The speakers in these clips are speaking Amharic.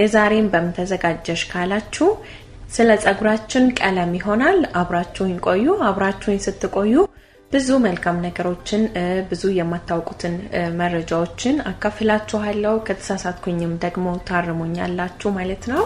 የዛሬን በምን ተዘጋጀሽ ካላችሁ ስለ ጸጉራችን ቀለም ይሆናል። አብራችሁኝ ቆዩ። አብራችሁኝ ስትቆዩ ብዙ መልካም ነገሮችን ብዙ የማታውቁትን መረጃዎችን አካፍላችኋለሁ። ከተሳሳትኩኝም ደግሞ ታርሙኛላችሁ ማለት ነው።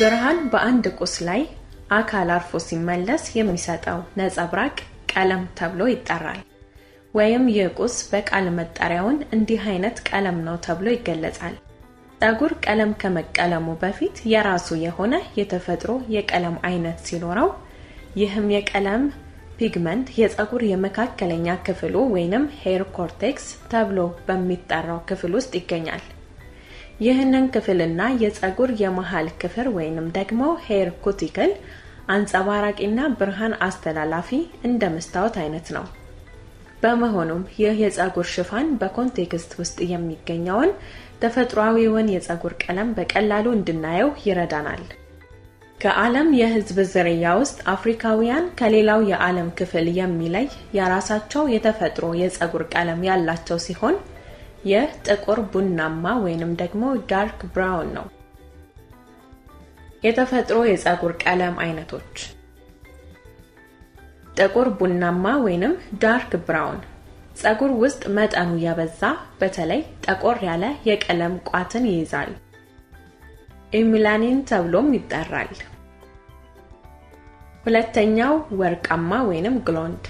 ብርሃን በአንድ ቁስ ላይ አካል አርፎ ሲመለስ የሚሰጠው ነጸብራቅ ቀለም ተብሎ ይጠራል። ወይም ይህ ቁስ በቃል መጠሪያውን እንዲህ አይነት ቀለም ነው ተብሎ ይገለጻል። ጠጉር ቀለም ከመቀለሙ በፊት የራሱ የሆነ የተፈጥሮ የቀለም አይነት ሲኖረው ይህም የቀለም ፒግመንት የፀጉር የመካከለኛ ክፍሉ ወይንም ሄር ኮርቴክስ ተብሎ በሚጠራው ክፍል ውስጥ ይገኛል። ይህንን ክፍልና የፀጉር የመሃል ክፍል ወይንም ደግሞ ሄር ኩቲክል አንጸባራቂና ብርሃን አስተላላፊ እንደ መስታወት አይነት ነው። በመሆኑም ይህ የፀጉር ሽፋን በኮንቴክስት ውስጥ የሚገኘውን ተፈጥሯዊውን የፀጉር ቀለም በቀላሉ እንድናየው ይረዳናል። ከዓለም የህዝብ ዝርያ ውስጥ አፍሪካውያን ከሌላው የዓለም ክፍል የሚለይ የራሳቸው የተፈጥሮ የፀጉር ቀለም ያላቸው ሲሆን ይህ ጥቁር ቡናማ ወይንም ደግሞ ዳርክ ብራውን ነው። የተፈጥሮ የፀጉር ቀለም አይነቶች ጥቁር ቡናማ ወይንም ዳርክ ብራውን ፀጉር ውስጥ መጠኑ የበዛ በተለይ ጠቆር ያለ የቀለም ቋትን ይይዛል። ኢሚላኒን ተብሎም ይጠራል። ሁለተኛው ወርቃማ ወይንም ግሎንድ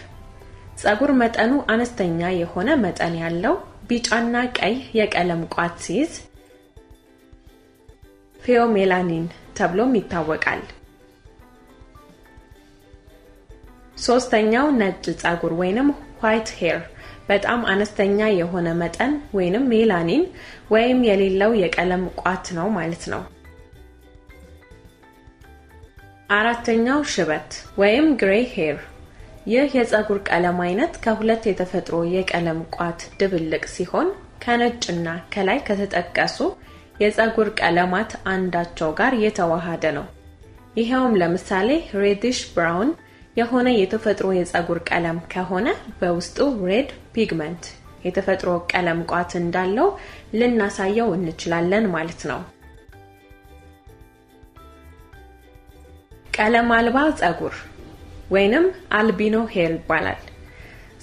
ፀጉር መጠኑ አነስተኛ የሆነ መጠን ያለው ቢጫና ቀይ የቀለም ቋት ሲይዝ ፌዮሜላኒን ተብሎም ይታወቃል። ሶስተኛው ነጭ ጸጉር ወይንም ዋይት ሄር በጣም አነስተኛ የሆነ መጠን ወይንም ሜላኒን ወይም የሌለው የቀለም ቋት ነው ማለት ነው። አራተኛው ሽበት ወይም ግሬይ ሄር ይህ የፀጉር ቀለም አይነት ከሁለት የተፈጥሮ የቀለም ቋት ድብልቅ ሲሆን ከነጭና ከላይ ከተጠቀሱ የፀጉር ቀለማት አንዳቸው ጋር የተዋሃደ ነው። ይኸውም ለምሳሌ ሬዲሽ ብራውን የሆነ የተፈጥሮ የፀጉር ቀለም ከሆነ በውስጡ ሬድ ፒግመንት የተፈጥሮ ቀለም ቋት እንዳለው ልናሳየው እንችላለን ማለት ነው። ቀለም አልባ ፀጉር ወይንም አልቢኖ ሄር ይባላል።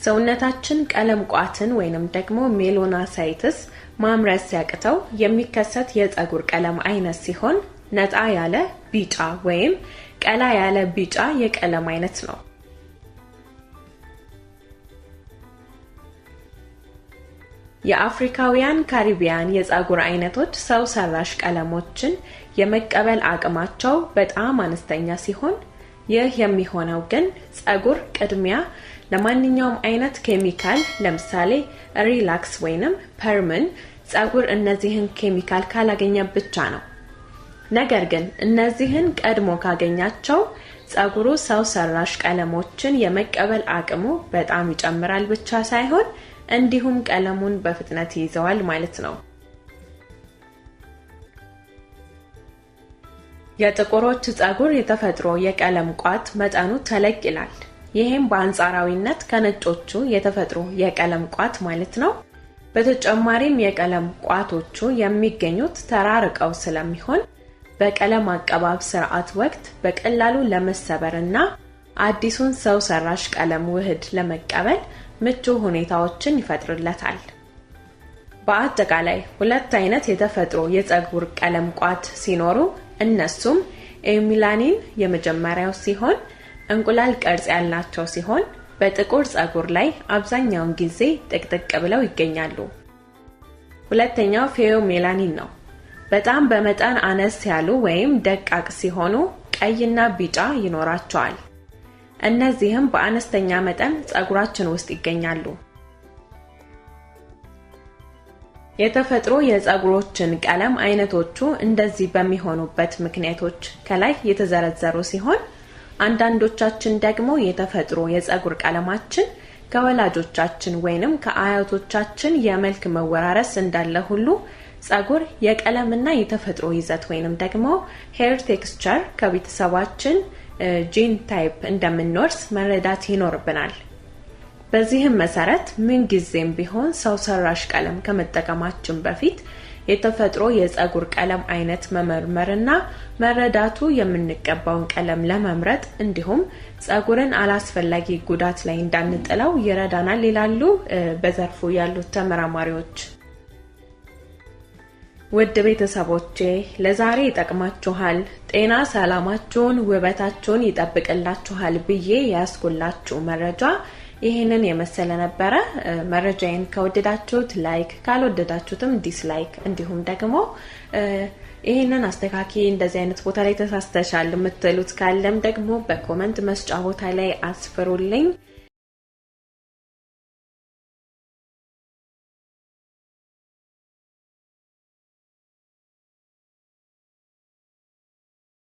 ሰውነታችን ቀለም ቋትን ወይንም ደግሞ ሜሎናሳይትስ ማምረት ሲያቅተው የሚከሰት የፀጉር ቀለም አይነት ሲሆን ነጣ ያለ ቢጫ ወይም ቀላ ያለ ቢጫ የቀለም አይነት ነው። የአፍሪካውያን ካሪቢያን የፀጉር አይነቶች ሰው ሰራሽ ቀለሞችን የመቀበል አቅማቸው በጣም አነስተኛ ሲሆን ይህ የሚሆነው ግን ጸጉር ቅድሚያ ለማንኛውም አይነት ኬሚካል ለምሳሌ ሪላክስ ወይንም ፐርምን ጸጉር እነዚህን ኬሚካል ካላገኘ ብቻ ነው። ነገር ግን እነዚህን ቀድሞ ካገኛቸው ጸጉሩ ሰው ሰራሽ ቀለሞችን የመቀበል አቅሙ በጣም ይጨምራል ብቻ ሳይሆን እንዲሁም ቀለሙን በፍጥነት ይይዘዋል ማለት ነው። የጥቁሮች ጸጉር የተፈጥሮ የቀለም ቋት መጠኑ ተለቅ ይላል። ይህም በአንጻራዊነት ከነጮቹ የተፈጥሮ የቀለም ቋት ማለት ነው። በተጨማሪም የቀለም ቋቶቹ የሚገኙት ተራርቀው ስለሚሆን በቀለም አቀባብ ስርዓት ወቅት በቀላሉ ለመሰበር እና አዲሱን ሰው ሰራሽ ቀለም ውህድ ለመቀበል ምቹ ሁኔታዎችን ይፈጥርለታል። በአጠቃላይ ሁለት አይነት የተፈጥሮ የፀጉር ቀለም ቋት ሲኖሩ እነሱም ኤሚላኒን የመጀመሪያው ሲሆን እንቁላል ቅርጽ ያላቸው ሲሆን በጥቁር ጸጉር ላይ አብዛኛውን ጊዜ ጥቅጥቅ ብለው ይገኛሉ። ሁለተኛው ሜላኒን ነው። በጣም በመጠን አነስ ያሉ ወይም ደቃቅ ሲሆኑ ቀይና ቢጫ ይኖራቸዋል። እነዚህም በአነስተኛ መጠን ጸጉራችን ውስጥ ይገኛሉ። የተፈጥሮ የፀጉሮችን ቀለም አይነቶቹ እንደዚህ በሚሆኑበት ምክንያቶች ከላይ የተዘረዘሩ ሲሆን አንዳንዶቻችን ደግሞ የተፈጥሮ የፀጉር ቀለማችን ከወላጆቻችን ወይንም ከአያቶቻችን የመልክ መወራረስ እንዳለ ሁሉ ጸጉር የቀለምና የተፈጥሮ ይዘት ወይንም ደግሞ ሄር ቴክስቸር ከቤተሰባችን ጂን ታይፕ እንደምንወርስ መረዳት ይኖርብናል። በዚህም መሰረት ምንጊዜም ቢሆን ሰው ሰራሽ ቀለም ከመጠቀማችን በፊት የተፈጥሮ የፀጉር ቀለም አይነት መመርመርና መረዳቱ የምንቀባውን ቀለም ለመምረጥ እንዲሁም ፀጉርን አላስፈላጊ ጉዳት ላይ እንዳንጥለው ይረዳናል ይላሉ በዘርፉ ያሉት ተመራማሪዎች። ውድ ቤተሰቦቼ ለዛሬ ይጠቅማችኋል፣ ጤና ሰላማችሁን፣ ውበታችሁን ይጠብቅላችኋል ብዬ ያስኩላችሁ መረጃ ይህንን የመሰለ ነበረ። መረጃዬን ከወደዳችሁት ላይክ፣ ካልወደዳችሁትም ዲስላይክ፣ እንዲሁም ደግሞ ይህንን አስተካኪ፣ እንደዚህ አይነት ቦታ ላይ ተሳስተሻል የምትሉት ካለም ደግሞ በኮመንት መስጫ ቦታ ላይ አስፍሩልኝ።